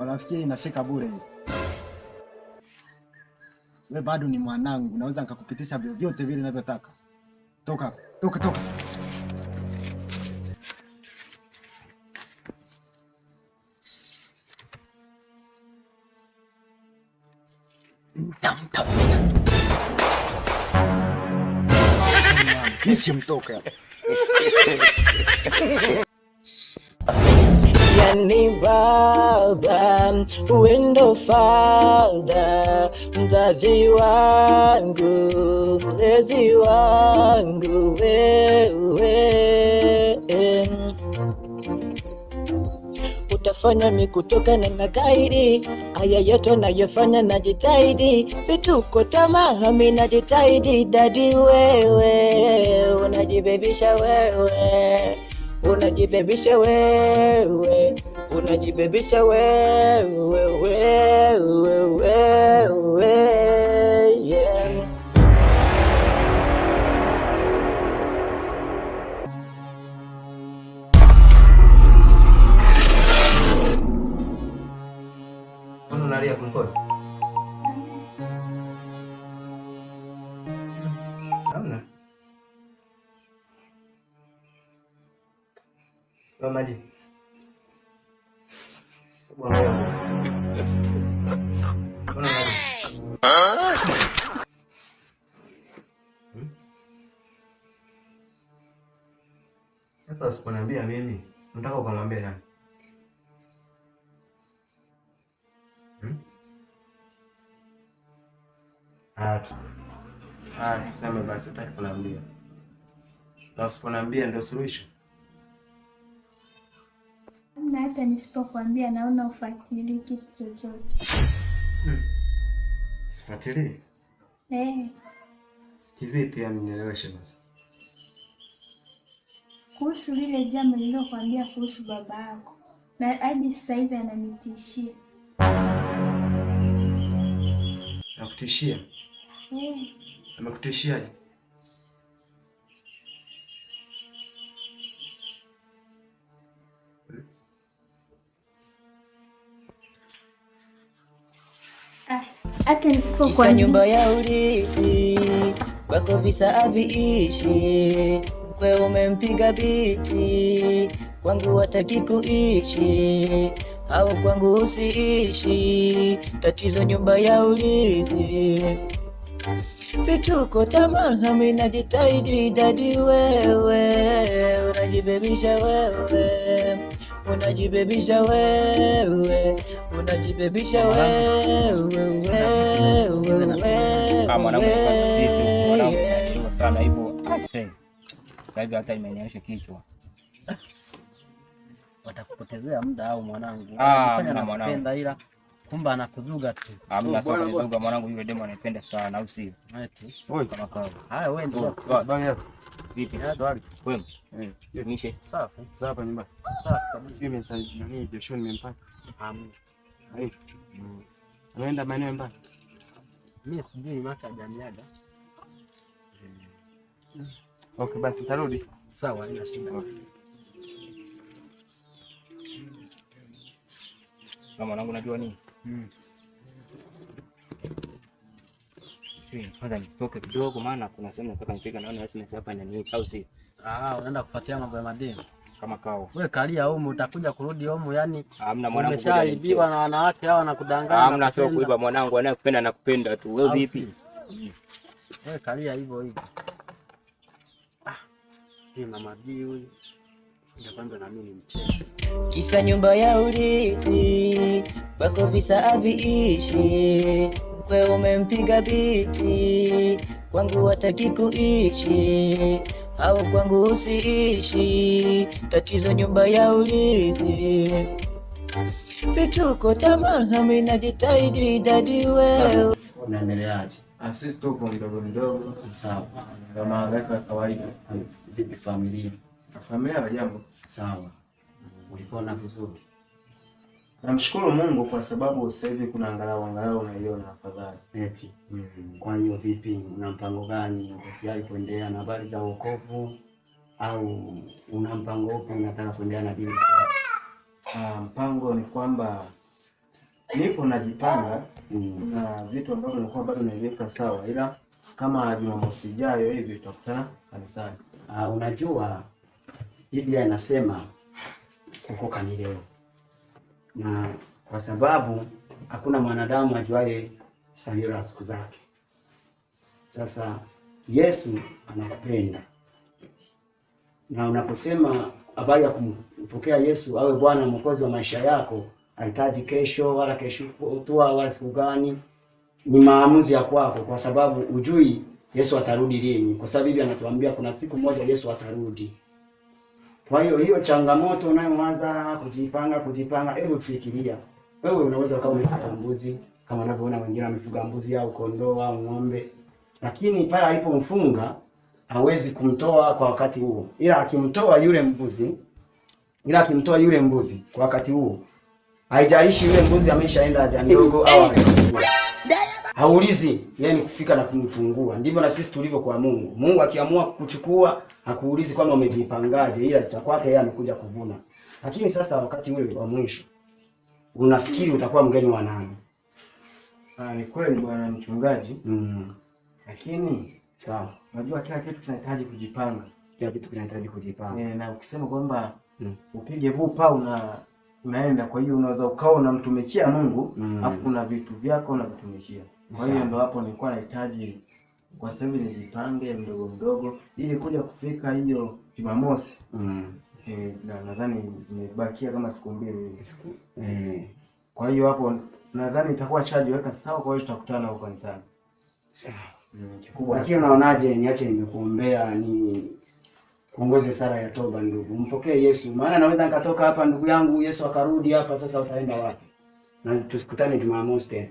Wanafikiri inashika bure. We bado ni mwanangu, naweza nikakupitisha vyovyote vile ninavyotaka. Toka, toka, toka. Nisimtoka ni baba, uendo ndo mzazi wangu, mlezi wangu wewe utafanya mi kutoka na magaidi haya yote nayofanya najitaidi vituko tamaa mi najitaidi dadi wewe unajibebisha wewe unajibebisha wewe, unajibebisha wewe, wewe, wewe. Mama je, hmm? sasa usiponambia mimi, nataka ukamwambia nani? Hmm? Ah, ah, tuseme basi, nataka kunambia, na usiponambia ndio suluhisho na hata nisipokuambia naona ufuatilii kitu chochote. Hmm. Sifuatilii? Eh. Kivipi yani nieleweshe basi. Kuhusu lile jambo nililokuambia kuhusu baba yako. Na hadi sasa hivi ananitishia. Nakutishia? Eh. Amekutishiaje? hata nisipokuwa nyumba ya urithi kwako visa aviishi mkwe umempiga biti kwangu wataki kuishi au kwangu usiishi tatizo nyumba ya urithi vituko tamaa minajitahidi dadi wewe unajibebisha wewe unajibebisha wewe, unajibebisha wewe ah, sana hivyo. Sasa hivi hata imeniosha kichwa, watakupotezea muda au mwanangu, ah, mwanangu ila Kumba anakuzuga tu. Hamna oh, sasa ya kuzuga mwanangu, yule demo anapenda sana au sio? Eti. Oi. kama kawa. Haya wewe ndio. Habari oh, yako? Vipi? Swali. Wewe. Eh, nishe. Safi. Safi nyumba. Safi kabisa. Mimi sasa nani ndio shoni nimempata. Hamna. Hai. Anaenda maeneo mbali. Mimi sijui maka jamiaga. Okay, basi tarudi. Sawa, ina shida. Okay. Na mwanangu najua nini? Hmm. Kwanza nitoke kidogo, maana kuna sehemu nataka nifika, naona SMS hapa inaniweka, au si? Ah, unaenda kufuatia mambo ya madeni kama kao. Wewe kalia humu, utakuja kurudi humu, yani hamna mwanangu. Umeshaibiwa na wanawake hawa wanakudanganya. Hamna, sio kuiba mwanangu, anayekupenda nakupenda tu. Wewe vipi? Wewe kalia hivyo hivyo. Ah, sikia mama D huyu. Kisa nyumba ya urithi bako visa aviishi, mkwe umempiga biti, kwangu wataki kuishi au kwangu usiishi, tatizo nyumba ya urithi, vituko, tamaa, mimi idadi dadi wewe unaendeleaje? Ah, sisi tuko mdogo mdogo, sawa, kama kawaida. Vipi familia? Familia na jambo sawa. Ulipona vizuri? Namshukuru Mungu kwa sababu sasa hivi kuna angalau angalau unaiona afadhali. Eti. Mm -hmm. Kwa hiyo vipi, una mpango gani? Unafikiria kuendelea na habari za wokovu au una mpango upi unataka kuendelea na dini? Ah, mpango ni kwamba nipo najipanga mm. na vitu ambavyo nilikuwa bado naiweka sawa, ila kama Jumamosi ijayo hivi tutakutana kanisani. Ah, unajua Biblia inasema kuokoka ni leo, na kwa sababu hakuna mwanadamu ajuaye salio la siku zake. Sasa Yesu anakupenda na unaposema habari ya kumpokea Yesu awe Bwana mwokozi wa maisha yako, hahitaji kesho wala kesho kutwa wala siku gani. Ni maamuzi ya kwako, kwa sababu ujui Yesu atarudi lini, kwa sababu Biblia anatuambia kuna siku moja Yesu atarudi. Kwa hiyo hiyo changamoto unayoanza kujipanga kujipanga, hebu fikiria wewe, unaweza ukawa umepata mbuzi kama unavyoona wengine wamefuga mbuzi au kondoo au ng'ombe, lakini pale alipomfunga hawezi kumtoa kwa wakati huo, ila akimtoa yule mbuzi, ila akimtoa yule mbuzi kwa wakati huo, haijalishi yule mbuzi ameshaenda haja ndogo au haulizi yani kufika na kumfungua. Ndivyo na sisi tulivyo kwa Mungu. Mungu akiamua kuchukua hakuulizi kwamba umejipangaje, ila cha kwake yeye amekuja kuvuna. Lakini sasa wakati ule wa mwisho unafikiri utakuwa mgeni wa nani? Ah, ni kweli bwana mchungaji. Mm. Lakini sawa. Unajua kila kitu kinahitaji kujipanga. Kila kitu kinahitaji kujipanga. Eh, na ukisema kwamba mm, upige vupa una unaenda, kwa hiyo unaweza ukawa unamtumikia Mungu, mm, afu kuna vitu vyako unavitumishia kwa hiyo ndo hapo nilikuwa nahitaji kwa sasa hivi nijipange mdogo mdogo ili kuja kufika hiyo Jumamosi. Mm. E, na nadhani zimebakia kama siku mbili siku. Mm. Kwa hiyo hapo nadhani itakuwa chaji weka sawa, kwa hiyo tutakutana huko kanisani. Sawa. Mm, kikubwa. Lakini unaonaje niache nimekuombea ni kuongoze sala ya toba ndugu. Mpokee Yesu. Maana naweza nikatoka hapa ndugu yangu Yesu akarudi hapa sasa utaenda wapi? Na tusikutane Jumamosi tena.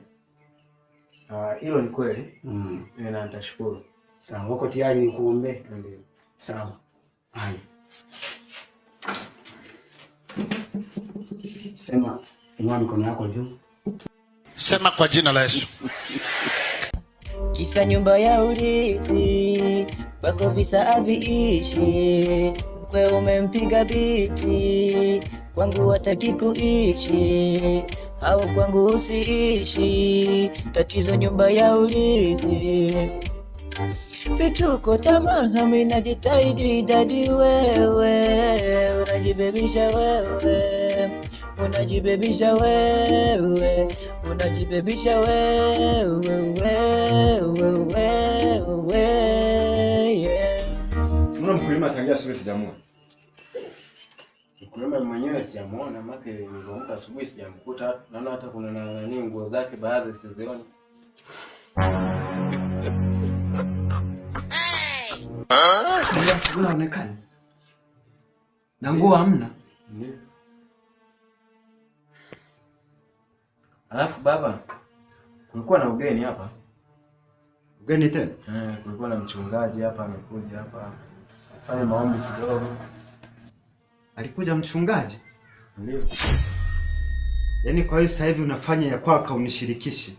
Ah, hilo ni kweli mm. E, na nitashukuru. Sawa, wako tayari kuombe? Ndio. Sawa. Hai. Sema, inua mikono yako juu. Sema kwa jina la Yesu. Kisa nyumba ya urithi bako visa aviishi, mkwe umempiga biti, kwangu hataki kuishi au kwangu usiishi, tatizo nyumba ya urithi vituko tamaa. Mimi najitahidi dadi, wewe unajibebisha, wewe unajibebisha, wewe unajibebisha, wewe wewe wewe, yeah. Mkulima atangia siwezi jamani Mama mwenyewe sijamuona, maana nilipoamka asubuhi sijamkuta. Naona hata kuna na nani nguo zake baadhi sizioni. Yes, unaonekana. Na nguo hamna. Alafu baba, kulikuwa na ugeni hapa. Ugeni tena? Eh, kulikuwa na mchungaji hapa amekuja hapa. fanya maombi kidogo alikuja mchungaji. Ndio. Yaani kwa hiyo sasa hivi unafanya ya kwako unishirikishe.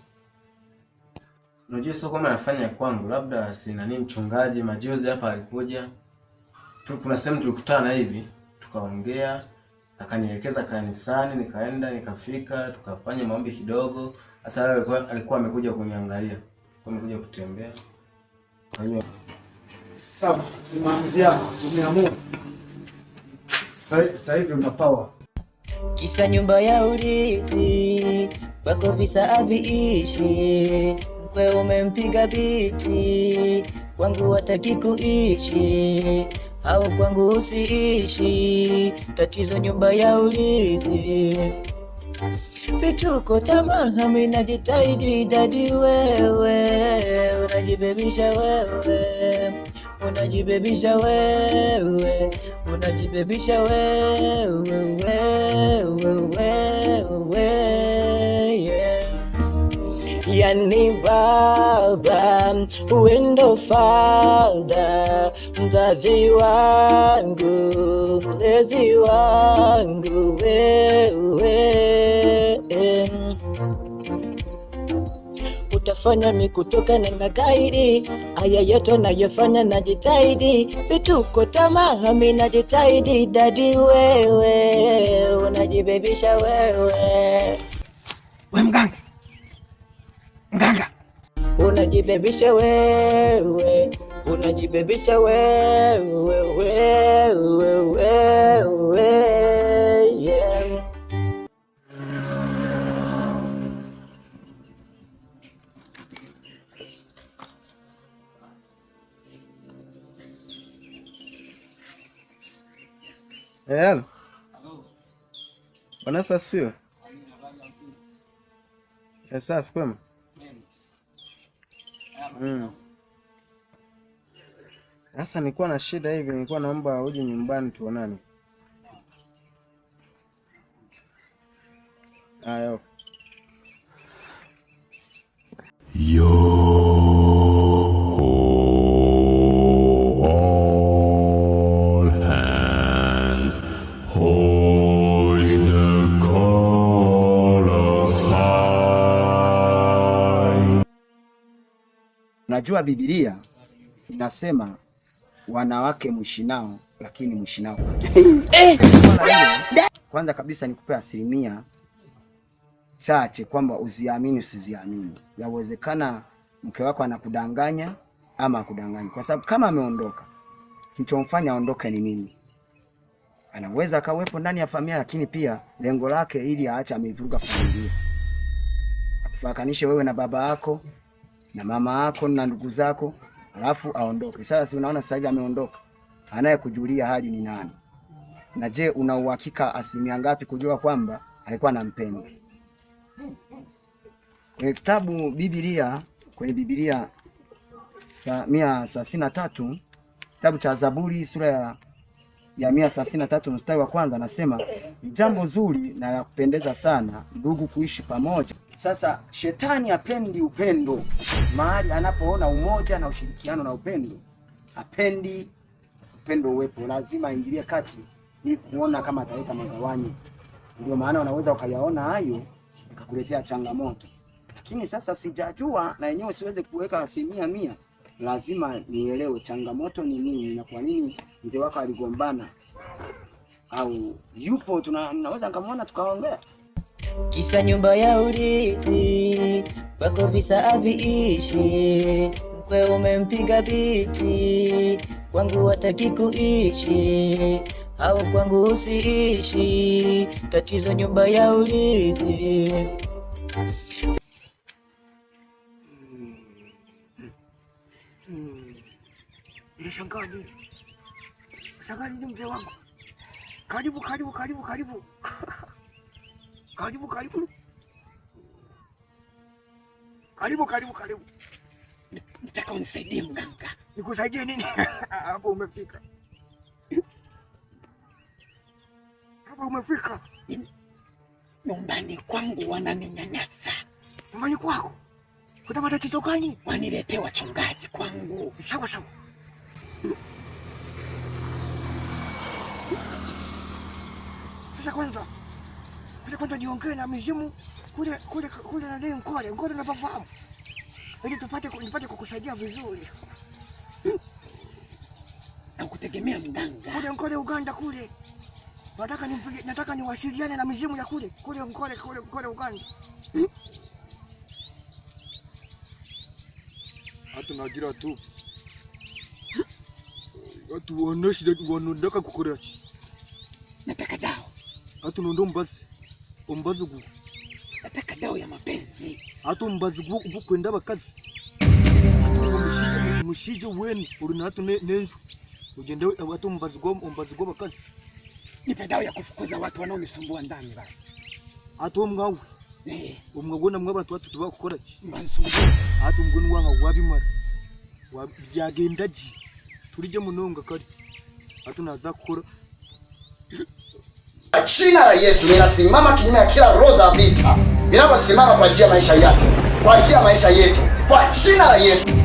Unajua sio kama nafanya ya kwangu, labda sina nini mchungaji majozi hapa alikuja. Tu kuna sehemu tulikutana hivi, tukaongea, akanielekeza kanisani, nikaenda, nikafika, tukafanya maombi kidogo. Sasa alikuwa alikuwa amekuja kuniangalia. Kwa Amekuja kutembea. Kwa hiyo Saba, ni maamuzi yako, si Mungu. Sasa hivi una power. nyumba ya urithi wako visa aviishi, mkwe umempiga biti, kwangu wataki kuishi au kwangu usiishi, tatizo nyumba ya urithi vituko tamaa. Mimi najitahidi, dadi wewe unajibebisha wewe unajibebisha wewe, unajibebisha wewe, wewe, wewe, yeah. Yani Baba, wendo ndo Father, mzazi wangu, mlezi wangu wewe, yeah nayofanya kutoka na gaidi, haya yote nayofanya najitahidi, vituko tamaa mi najitahidi. Dadi wewe unajibebisha wewe, we mganga mganga, unajibebisha wewe, unajibebisha wewe, wewe Bwana Yesu asifiwe. Eh, safi kwema. Mm. Sasa nilikuwa na shida hivi, nilikuwa naomba uje nyumbani tuonane. Ayo. Yo. Najua Biblia inasema wanawake mwishi nao, lakini mwishi nao kwanza kabisa nikupe asilimia chache kwamba uziamini usiziamini. Yawezekana mke wako anakudanganya ama akudanganyi, kwa sababu kama ameondoka, kilichomfanya aondoke ni mimi. Anaweza akawepo ndani ya familia, lakini pia lengo lake ili aache ameivuruga familia, afakanishe wewe na baba yako na mama yako na ndugu zako, alafu aondoke. Sasa si unaona sasa hivi ameondoka, anayekujulia hali ni nani? Na je, una uhakika asilimia ngapi kujua kwamba alikuwa anampenda? Kwenye eh, kitabu Biblia, kwenye Biblia mia thelathini na tatu kitabu cha Zaburi sura ya ya mia thelathini na tatu mstari wa kwanza anasema ni jambo zuri na la kupendeza sana ndugu kuishi pamoja. Sasa shetani apendi upendo, mahali anapoona umoja na ushirikiano na upendo, apendi upendo uwepo, lazima aingilie kati ili kuona kama ataleta magawanyo. Ndio maana wanaweza wakayaona hayo akakuletea changamoto, lakini sasa sijajua na yenyewe siweze kuweka asilimia mia lazima nielewe changamoto ni nini na kwa nini mzee wako aligombana, au yupo tunaweza nkamwona tukaongea. Kisa nyumba ya urithi wako visa aviishi, mkwe umempiga biti, kwangu wataki kuishi au kwangu usiishi, tatizo nyumba ya urithi Unashangaa nini? Unashangaa nini mzee wangu? Karibu, karibu, karibu, karibu. Karibu, karibu. Karibu, karibu, karibu. Nataka unisaidie mganga. Nikusaidie nini? Hapo umefika. Hapo umefika. Nyumbani kwangu wananinyanyasa. Nyumbani kwako? Kuna matatizo gani? Waniletea wachungaji kwangu. Sawa sawa. kwanza kule kwanza, jiongee na mizimu kule kule kule na leo Nkole Nkole unapafahamu, ili tupate nipate kukusaidia vizuri, hmm. na kutegemea mganga kule Nkole Uganda kule. Nataka nimpige, nataka niwasiliane na mizimu ya kule kule Nkole kule Nkole Uganda. Hmm? Hata na najira tu watu wanashida wanataka kukorachi hatu nondo mbazi mbazi gu ataka dawa ya mapenzi hatu omubazi gukwenda abakazi omushaija weene ori nahatu n'enju ogende hatu gu gw'abakazi nipe dawa ya kufukuza watu wanaonisumbua ndani basi hatu omwawe eh. omwawe namwe abantu batu tubakukoraki hatu mbwe niwanga wabimara byagendagi turije munonga kare hatu naza kukora jina la Yesu ninasimama kinyume ya kila roho za vita vinavyosimama kwa ajili ya maisha yake, kwa ajili ya maisha yetu, kwa jina la Yesu.